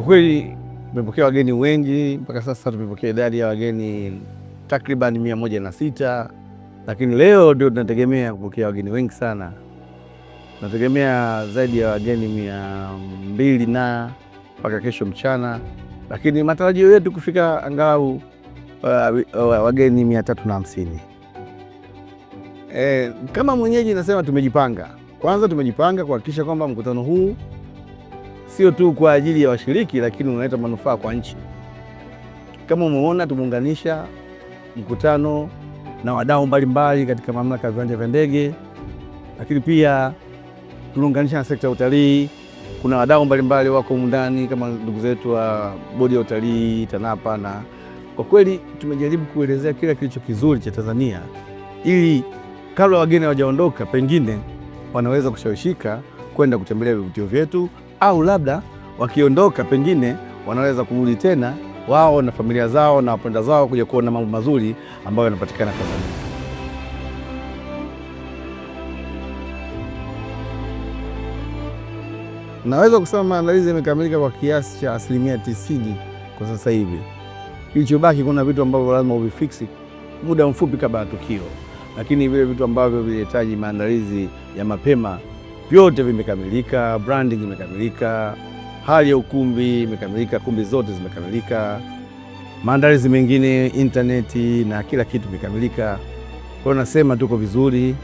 Kwa kweli tumepokea wageni wengi mpaka sasa, tumepokea idadi ya wageni takriban mia moja na sita, lakini leo ndio tunategemea kupokea wageni wengi sana. Tunategemea zaidi ya wageni mia mbili na mpaka kesho mchana, lakini matarajio yetu kufika angalau uh, uh, wageni mia tatu na hamsini. E, kama mwenyeji nasema tumejipanga kwanza, tumejipanga kuhakikisha kwamba mkutano huu sio tu kwa ajili ya washiriki, lakini unaleta manufaa kwa nchi. Kama umeona, tumeunganisha mkutano na wadau mbalimbali katika mamlaka ya viwanja vya ndege, lakini pia tunaunganisha na sekta ya utalii. Kuna wadau mbalimbali wako ndani kama ndugu zetu wa bodi ya utalii TANAPA, na kwa kweli tumejaribu kuelezea kila kilicho kizuri cha Tanzania ili kabla wageni hawajaondoka, pengine wanaweza kushawishika kwenda kutembelea vivutio vyetu au labda wakiondoka, pengine wanaweza kurudi tena wao na familia zao na wapenda zao kuja kuona mambo mazuri ambayo yanapatikana Tanzania. Naweza kusema maandalizi yamekamilika kwa kiasi cha asilimia tisini kwa sasa hivi. Kilichobaki, kuna vitu ambavyo lazima uvifiksi muda mfupi kabla ya tukio, lakini vile vitu ambavyo vilihitaji maandalizi ya mapema vyote vimekamilika, branding imekamilika, hali ya ukumbi imekamilika, kumbi zote zimekamilika, maandalizi mengine, intaneti na kila kitu imekamilika. Kwa hiyo nasema tuko vizuri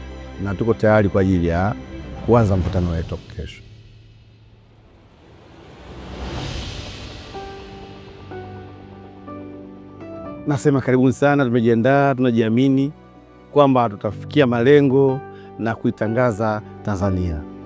na tuko tayari kwa ajili ya kuanza mkutano wetu kesho. Nasema karibuni sana, tumejiandaa, tunajiamini kwamba tutafikia malengo na kuitangaza Tanzania.